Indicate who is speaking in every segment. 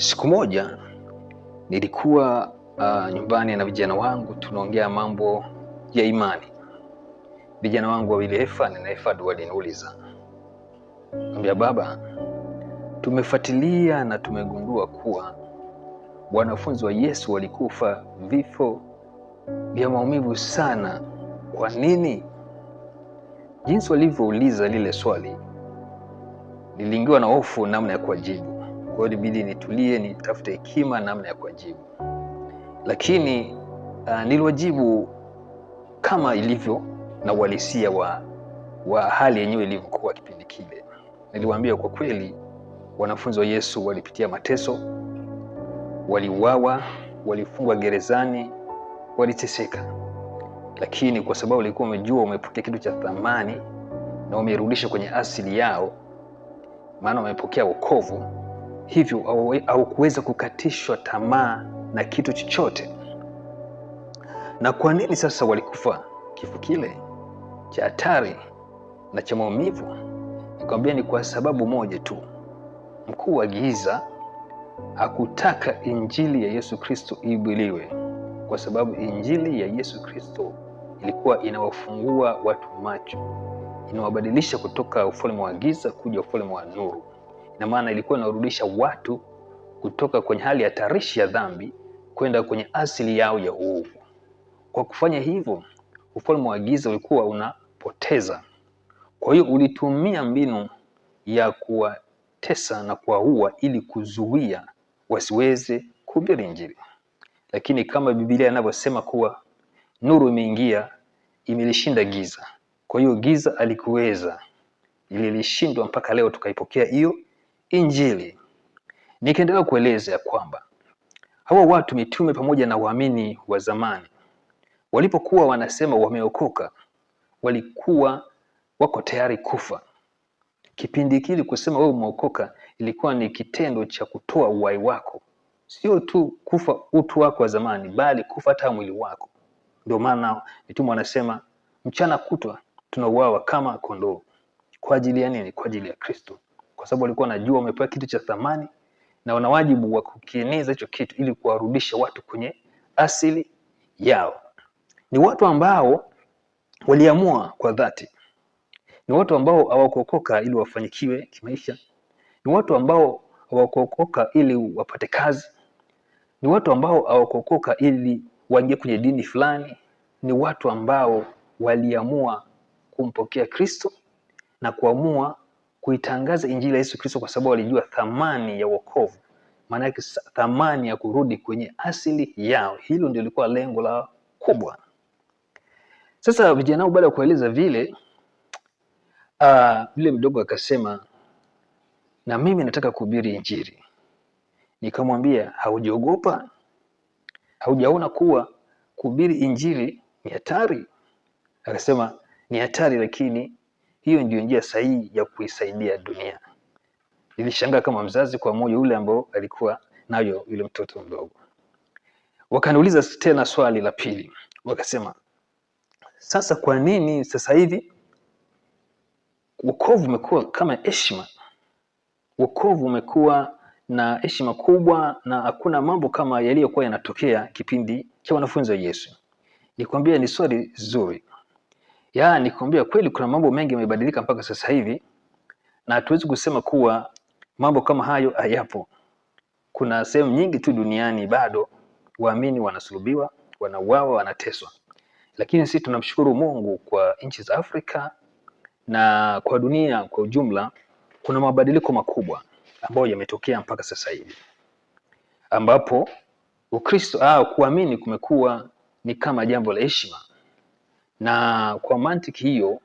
Speaker 1: Siku moja nilikuwa uh, nyumbani na vijana wangu tunaongea mambo ya imani. Vijana wangu wawili Efan na Efad waliniuliza, ambia baba, tumefuatilia na tumegundua kuwa wanafunzi wa Yesu walikufa vifo vya maumivu sana. Kwa nini? Jinsi walivyouliza lile swali, niliingiwa na hofu namna ya kuwajibu kwa hiyo ilibidi nitulie, nitafute hekima namna ya kuwajibu, lakini uh, niliwajibu kama ilivyo na uhalisia wa, wa hali yenyewe ilivyokuwa kipindi kile. Niliwaambia kwa kweli, wanafunzi wa Yesu walipitia mateso, waliuawa, walifungwa gerezani, waliteseka, lakini kwa sababu walikuwa wamejua wamepokea kitu cha thamani na wamerudisha kwenye asili yao, maana wamepokea wokovu hivyo au kuweza kukatishwa tamaa na kitu chochote. Na kwa nini sasa walikufa kifo kile cha hatari na cha maumivu? Nikwambia ni kwa sababu moja tu, mkuu wa giza hakutaka injili ya Yesu Kristo ihubiriwe, kwa sababu injili ya Yesu Kristo ilikuwa inawafungua watu macho, inawabadilisha kutoka ufalme wa giza kuja ufalme wa nuru na maana ilikuwa inarudisha watu kutoka kwenye hali ya tarishi ya dhambi kwenda kwenye asili yao ya uovu. Kwa kufanya hivyo, ufalme wa giza ulikuwa unapoteza. Kwa hiyo ulitumia mbinu ya kuwatesa na kuwaua ili kuzuia wasiweze kuhubiri Injili. Lakini kama Biblia inavyosema kuwa nuru imeingia, imelishinda giza. Kwa hiyo giza alikuweza, lilishindwa mpaka leo tukaipokea hiyo Injili, nikiendelea kueleza ya kwamba hawa watu mitume pamoja na waamini wa zamani walipokuwa wanasema wameokoka, walikuwa wako tayari kufa. Kipindi kile kusema wewe umeokoka ilikuwa ni kitendo cha kutoa uhai wako, sio tu kufa utu wako wa zamani, bali kufa hata mwili wako. Ndio maana mitume wanasema mchana kutwa tunauawa kama kondoo. Kwa ajili ya nini? Kwa ajili ya Kristo kwa sababu walikuwa wanajua wamepewa kitu cha thamani na wana wajibu wa kukieneza hicho kitu ili kuwarudisha watu kwenye asili yao. Ni watu ambao waliamua kwa dhati, ni watu ambao hawakuokoka ili wafanikiwe kimaisha, ni watu ambao hawakuokoka ili wapate kazi, ni watu ambao hawakuokoka ili waingie kwenye dini fulani, ni watu ambao waliamua kumpokea Kristo na kuamua kuitangaza injili ya Yesu Kristo kwa sababu walijua thamani ya wokovu, maana yake thamani ya kurudi kwenye asili yao. Hilo ndio lilikuwa lengo la kubwa. Sasa vijana hao baada ya kueleza vile yule ah, uh, mdogo akasema, na mimi nataka kuhubiri injili. Nikamwambia, haujaogopa? Haujaona kuwa kuhubiri injili ni hatari? Akasema, ni hatari, lakini hiyo ndio njia sahihi ya kuisaidia dunia. Nilishangaa kama mzazi kwa moyo ule ambao alikuwa nayo yule mtoto mdogo. Wakaniuliza tena swali la pili, wakasema sasa, kwa nini sasa hivi wokovu umekuwa kama heshima? Wokovu umekuwa na heshima kubwa, na hakuna mambo kama yaliyokuwa yanatokea kipindi cha wanafunzi wa Yesu. Nikwambia, ni swali zuri, ya yaani nikwambia kweli kuna mambo mengi yamebadilika mpaka sasa hivi na hatuwezi kusema kuwa mambo kama hayo hayapo kuna sehemu nyingi tu duniani bado waamini wanasulubiwa wanauawa wanateswa lakini sisi tunamshukuru mungu kwa nchi za afrika na kwa dunia kwa ujumla kuna mabadiliko makubwa ambayo yametokea mpaka sasa hivi ambapo ukristo au ah, kuamini kumekuwa ni kama jambo la heshima na kwa mantiki hiyo,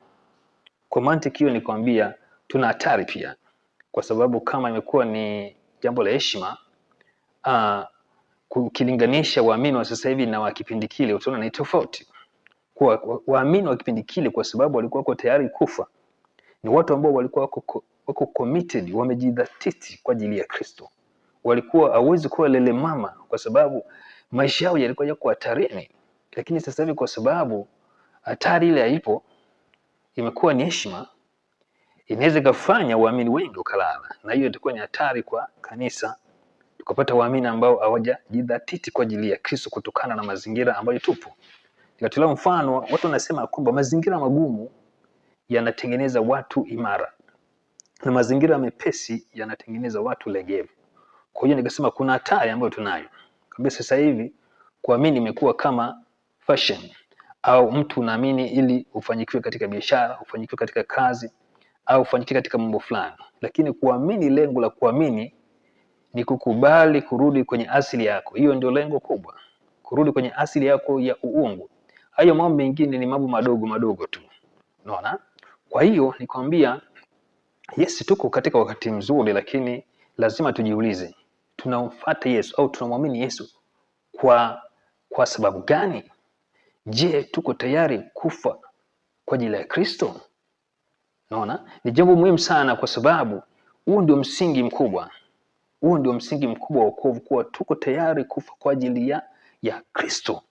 Speaker 1: kwa mantiki hiyo nikwambia, tuna hatari pia, kwa sababu kama imekuwa ni jambo la heshima ah, ukilinganisha waamini wa sasa hivi na wa kipindi kile utaona ni tofauti. Kwa waamini wa kipindi kile, kwa sababu walikuwa wako tayari kufa, ni watu ambao walikuwa wako, wako committed, wamejidhatiti kwa ajili ya Kristo. Walikuwa hawezi kuwa lele mama, kwa sababu maisha yao yalikuwa yako hatarini, lakini sasa hivi kwa sababu hatari ile haipo, imekuwa ni heshima, inaweza ikafanya waamini wengi ukalala, na hiyo itakuwa ni hatari kwa kanisa, tukapata waamini ambao hawajajidhatiti kwa ajili ya Kristo kutokana na mazingira ambayo tupo. Nikatolea mfano, watu wanasema kwamba mazingira magumu yanatengeneza watu imara na mazingira mepesi yanatengeneza watu legevu. Kwa hiyo nikasema kuna hatari ambayo tunayo kabisa sasa hivi, kuamini imekuwa kama fashion au mtu unaamini ili ufanyikiwe katika biashara, ufanyikiwe katika kazi au ufanyikiwe katika mambo fulani. Lakini kuamini, lengo la kuamini ni kukubali kurudi kwenye asili yako. Hiyo ndio lengo kubwa, kurudi kwenye asili yako ya uungu. Hayo mambo mengine ni mambo madogo madogo tu, unaona. Kwa hiyo nikwambia, yes, tuko katika wakati mzuri, lakini lazima tujiulize, tunamfuata Yesu au tunamwamini Yesu kwa kwa sababu gani? Je, tuko tayari kufa kwa ajili ya Kristo? Naona ni jambo muhimu sana, kwa sababu huu ndio msingi mkubwa, huu ndio msingi mkubwa wa wokovu, kuwa tuko tayari kufa kwa ajili ya ya Kristo.